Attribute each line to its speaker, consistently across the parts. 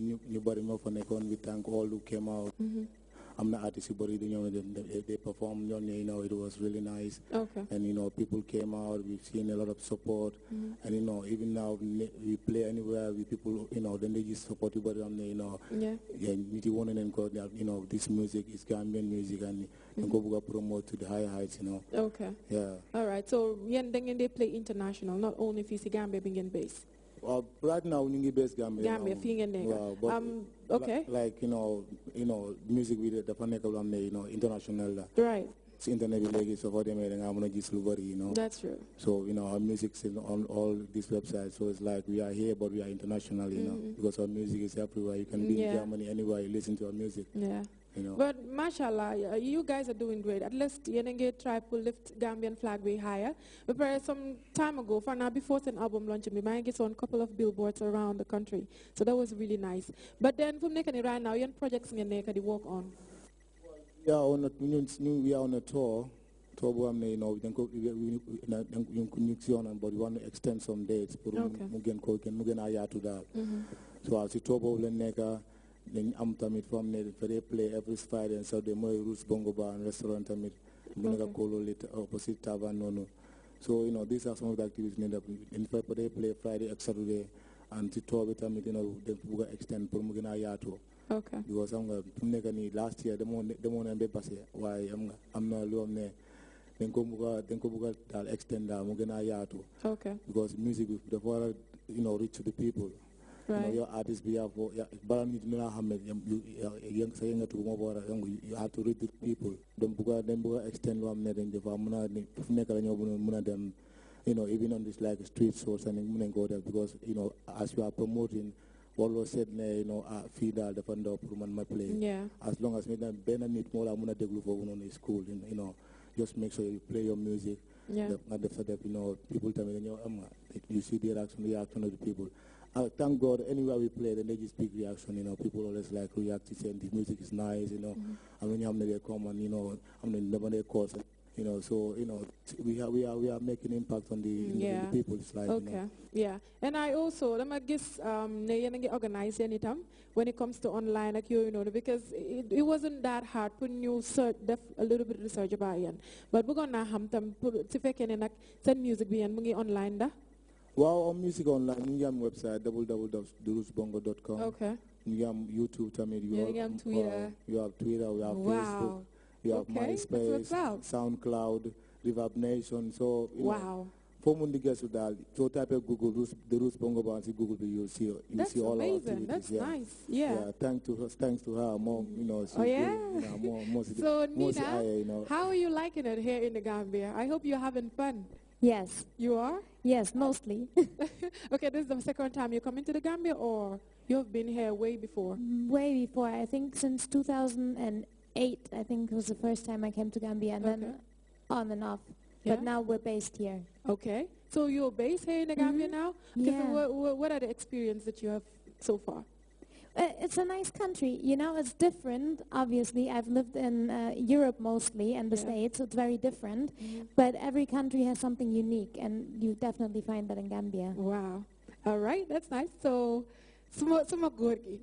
Speaker 1: ñu ñu bëri moo fa nekkoon we thank all who came out. i am na artist yu You know, they they perform you know it was really nice. Okay. and you know people came out we've seen a lot of support. Mm -hmm. and you know even now we play anywhere We people you know then they just support yu bëri am um, you know. yeah yeah nit yi wane nañ you know this music is Gambian music and. dañ mm-hmm. ko bëgg a promote to the higher heights you know. okay yeah.
Speaker 2: all right so yéen da ngeen di play international not only fii si Gambia bi ngeen base.
Speaker 1: Uh, right now, you need best Gambia. Gambia, um, finger nigga. Wow, um, okay. like you know, you know, music video, the panekal on you know, international. Uh, right. It's internet related, so for them, I'm gonna just look you know. That's true. So you know, our music's on all these websites, so it's like we are here, but we are international, you mm -hmm. know, mm-hmm. because our music is everywhere. You can be yeah. in Germany anywhere, you listen to our music. Yeah. You know. But
Speaker 2: mashallah, you guys are doing great. At least Yenenge tribe will lift Gambian flag way higher. But some time ago, for now, before an album launch, we might get on a couple of billboards around the country. So that was really nice. But then, from right now, your projects in Yenenge work on?
Speaker 1: We are on a, we are on a tour. Tour you know, we can go, but we want to extend some dates. Okay. Mm-hmm. So I'll see Tobo Lenega i am tamit foo xam ne fa play every Friday and Saturday mooy Roots Bongo Bar and restaurant tamit bu nekk opposite Tavern so you know these are some of the activities ñu def in fa fa play Friday Saturday and to tool bi tamit you know dañ ko extend pour mu ok because xam nga fi mu nekk last year demoon am extend uh, ok because music bi dafa you know reach to the people your artist be for balam nit mi nga xamne sa yengatu mo wara yongu you have to read the people dem buga dem buga extend lo xamne dañ defa mëna ni fu nekk la ñoo mëna dem you know even on this like street source and mëna go there because you know as you are promoting walo said ne eh, you know uh, fii daal dafa ndaw pour man ma play yeah. as long as mi tam benn nit moo laa mën a déglu foofu noonu school you know just make sure you play your music Yeah. nga the fact that you know people tell me am you see the reaction reaction of the people I uh, thank God anywhere we play, the ladies big reaction. You know, people always like react to saying the music is nice. You know, I mean, I'm they come and you know, I'm the Lebanon course. You know, so you know, we are we are we are making impact on the, mm, yeah. know, the people's life. Okay, you know.
Speaker 2: yeah, and I also let me guess um, organize anytime when it comes to online like you, you know because it, it wasn't that hard putting you search def a little bit of research about it, but we're gonna have tam put to fake any like send music be and online da.
Speaker 1: Wow, music online ñu ngi website www.durusbongo.com. okay ñu ngi YouTube tamit. You, ngi am Twitter you have Twitter you have Facebook.
Speaker 2: you have MySpace
Speaker 1: SoundCloud Reverb Nation so. wow. Pomun Liga Sudal, so type of Google, the Ruth Bongo Bouncy Google, you'll see, you see all amazing. our activities. That's yeah. nice. Yeah. yeah. Thanks to her, thanks to her mom, you know. She, oh, yeah. You more, more so, more Nina, higher, you know. how
Speaker 2: are you liking it here in the Gambia? I hope you're having fun. Yes. You are? Yes, mostly.
Speaker 3: okay,
Speaker 2: this is the second time you're coming to the Gambia or you've been here way before?
Speaker 3: Way before. I think since 2008, I think was the first time I came to Gambia and okay. then on and off. Yeah? But now we're based here.
Speaker 2: Okay. So you're based here in the Gambia mm -hmm. now? yeah. what, what are the experiences that you have
Speaker 3: so far? Uh, it's a nice country, you know. It's different. Obviously, I've lived in uh, Europe mostly and the yeah. States, so it's very different. Mm -hmm. But every country has something unique, and you definitely find that in Gambia. Wow. All
Speaker 2: right, that's nice. So, suma gorgi.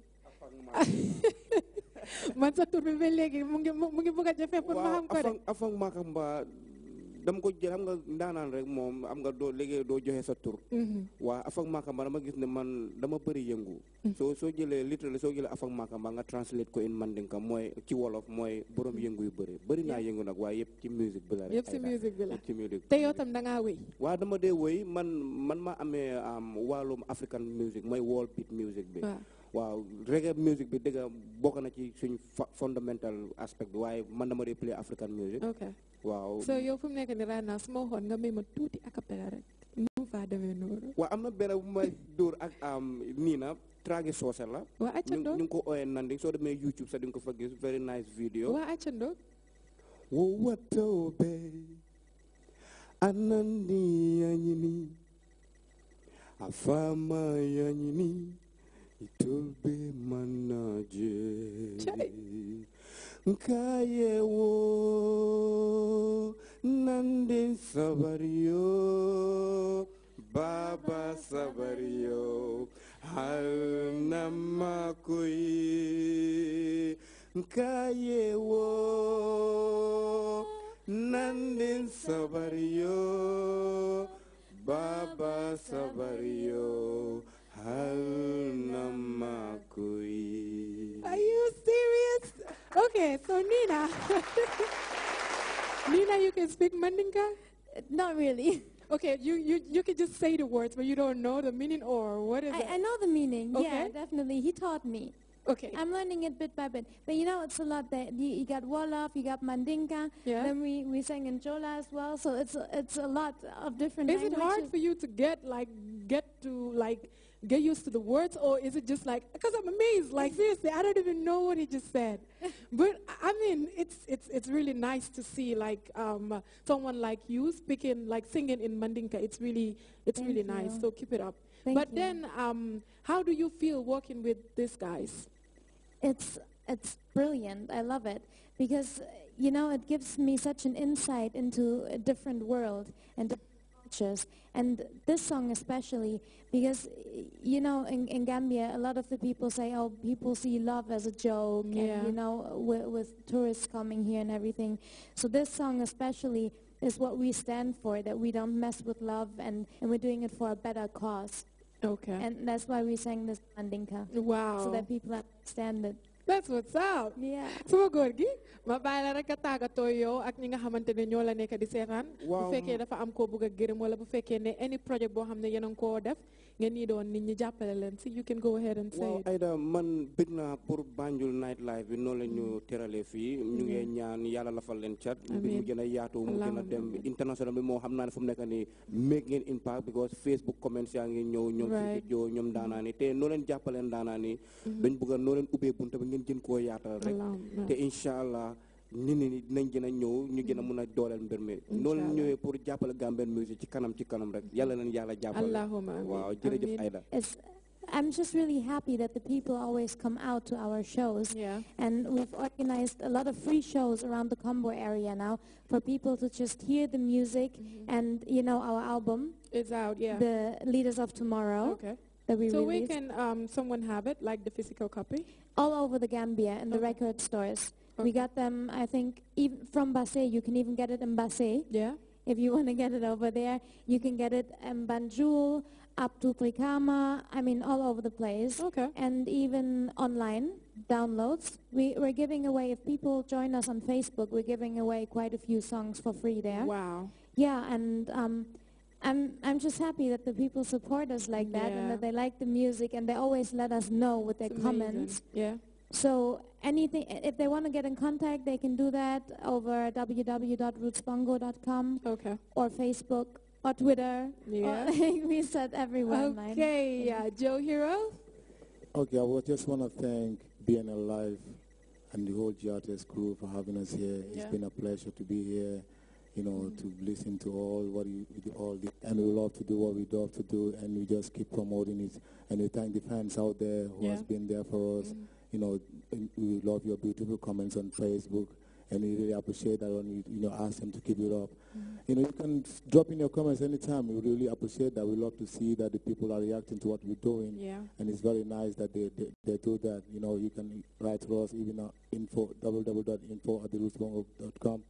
Speaker 2: Man sa turbe legi mungi mungi buka jefe pun maham
Speaker 4: kare. Afang makamba dama ko jël xam nga ndaanaan rek moom am nga doo léegi doo joxe sa tur mhm. waa afak makamba dama gis ne man dama bëri yëngu mhm. soo soo jëlee littéralement soo jëlee afak makamba nga translate ko in mandinka mooy ci wolof mooy borom mhm. yëngu yu bëri bëri naa yëngu nag waaye yëpp ci musique bi la yëpp ci musique bi la
Speaker 2: te yow tam da ngaa
Speaker 4: waa dama dee wéy man man ma amee wàllum african music mooy world beat music bi waaw reggae music bi dëgg bokk na ci suñ fundamental aspect bi waaye man dama dee play african music waaw so yow
Speaker 2: fu mu nekk ni right now su ma waxoon nga may ma tuuti acapella rek nu faa demee noonu
Speaker 4: waaw am na benn bu may dóor ak nii na tragi soose la
Speaker 2: waa accandoo ñu
Speaker 4: ngi ko ooyee nandi soo demee youtube sax di nga ko fa gis very nice video waa accandoo wo wattoo be anandi yañini afama yañini itumbe manaje nkayewo nandin sabariyo baba sabariyo halnamakoi nkayewo nandin sabariyo baba sabariyo hal
Speaker 2: Okay, so Nina. Nina, you can speak Mandinka? Not really. Okay, you, you, you can just say the words, but you don't know the meaning or what is I, it? I know the meaning, okay. yeah,
Speaker 3: definitely. He taught me. Okay. I'm learning it bit by bit. But you know, it's a lot. That you, you got Wolof, you got Mandinka. Yeah. Then we, we sang in Chola as well. So it's a, it's a lot of different. Is languages. it hard for
Speaker 2: you to get like get to like get used to the words, or is it just like because I'm amazed? Like seriously, I don't even know what he just said. but I mean, it's it's it's really nice to see like um, someone like you speaking like singing in Mandinka. It's really it's Thank really you. nice. So keep it up. Thank but you. then, um, how do you feel working with these guys?
Speaker 3: It's it's brilliant. I love it because you know it gives me such an insight into a different world and cultures. And this song especially because you know in, in Gambia a lot of the people say, oh, people see love as a joke, yeah. and you know with, with tourists coming here and everything. So this song especially is what we stand for, that we don't mess with love and, and we're doing it for a better cause. Okay. And that's why we sang this Mandinka. Wow. So that people understand it. That's what's up. Yeah.
Speaker 2: Sama góor gi ma bàyyi la rek a tooy yow ak ñi nga xamante ne ñoo la nekk di seetaan. waaw bu fekkee dafa am koo bëgg a gërëm wala bu fekkee ne any projet boo xam ne yéen a ngi koo def. ngeen ñi doon nit ñi jàppale leen si you can go ahead and say waaw
Speaker 4: Aida man bëgg naa Banjul night life bi noonu la ñu mm-hmm. terale fii ñu ngee mm-hmm. ñaan yàlla lafal leen cat bi mu gën a yaatu mu gën a dem international bi moo xam naa ne fu mu nekk nii make ngeen impact because Facebook comments yaa ngi ñëw ñoom si joo ñoom daanaa ni te noo leen jàppaleen daanaa ni mm-hmm. dañ bëgg a noo leen ubbee bunta bi ngeen jën koo yaatal rek te incha allah nit la Aida
Speaker 3: I'm just really happy that the people always come out to our shows. Yeah. And we've organized a lot of free shows around the Combo area now for people to just hear the music mm -hmm. and, you know, our album. It's out, yeah. The Leaders of Tomorrow. Okay. That we so released. we
Speaker 2: can, um, someone have it, like the physical copy?
Speaker 3: All over the Gambia in okay. the record stores. We got them, I think, even from Basay. You can even get it in Basay. Yeah. If you want to get it over there, you can get it in Banjul, up to Trikama, I mean all over the place. Okay. And even online downloads. We, we're giving away, if people join us on Facebook, we're giving away quite a few songs for free there. Wow. Yeah, and um, I'm, I'm just happy that the people support us like that yeah. and that they like the music and they always let us know with their comments. Yeah. So anything if they want to get in contact they can do that over www.rootsbongo.com okay or facebook or twitter yeah or, we said everywhere okay yeah joe hero
Speaker 1: okay i just want to thank being alive and the whole GRTS crew for having us here yeah. it's been a pleasure to be here you know mm -hmm. to listen to all what you all the, and we love to do what we love to do and we just keep promoting it and we thank the fans out there who yeah. has been there for us mm -hmm you know, we love your beautiful comments on Facebook and we really appreciate that when you, you know, ask them to keep it up. Mm-hmm. You know, you can drop in your comments anytime. We really appreciate that. We love to see that the people are reacting to what we're doing. Yeah. And it's very nice that they, they, they do that. You know, you can write to us even at info, www.info at therootsbongo.com.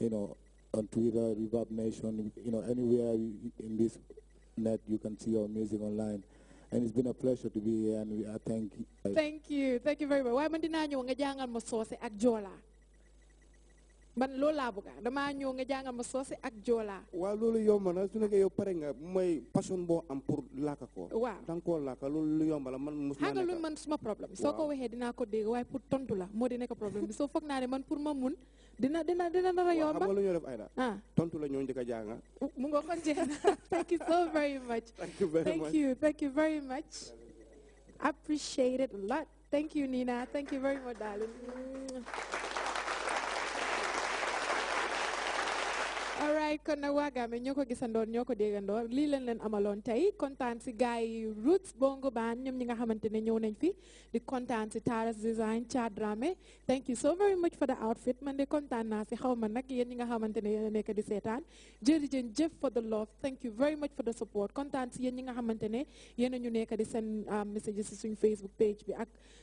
Speaker 1: You know, on Twitter, Reverb Nation, you know, anywhere in this net you can see our music online. And it's been a pleasure to be here, and we, I thank you. Thank
Speaker 2: you. Thank you very much. Why man dinaa ñëw nga jàngal ma soose ak joola man loolu laa bëgg damaa ñëw nga jàngal ma soose ak joola
Speaker 4: waaw loolu yomb na su nekkee yow pare nga mooy passion boo am pour laaka ko waaw danga koo laaka loolu lu yomb man mos naa nekk man suma problème soo ko
Speaker 2: waxee dinaa ko dégg waaye pour tontu la moo di nekk problème bi soo foog man pour ma mun dina dina dina dara yomba xam nga lu ñu
Speaker 4: def Aida ah. tontu la ñoo njëkk a jàng
Speaker 2: mu nga kon jeex na thank you so very much thank you very much thank a lot thank you Nina thank you very much darling all right kon nag waagaame ñoo ko gisandoon ñoo ko déggandoor lii leen leen amaloon tey kontaan si gars yi Roots Bongo Band ñoom ñi nga xamante ne ñëw nañ fi di kontaan si Taras Design Cha Dramé thank you so very much for the outfit man de kontaan si xaw ma nag yéen ñi nga xamante ne yéen a nekk di seetaan jërëjëf jëf for the love thank you very much for the support kontaan si yéen ñi nga xamante ne yéen ñu nekk di seen ah, messages si suñ Facebook page bi ak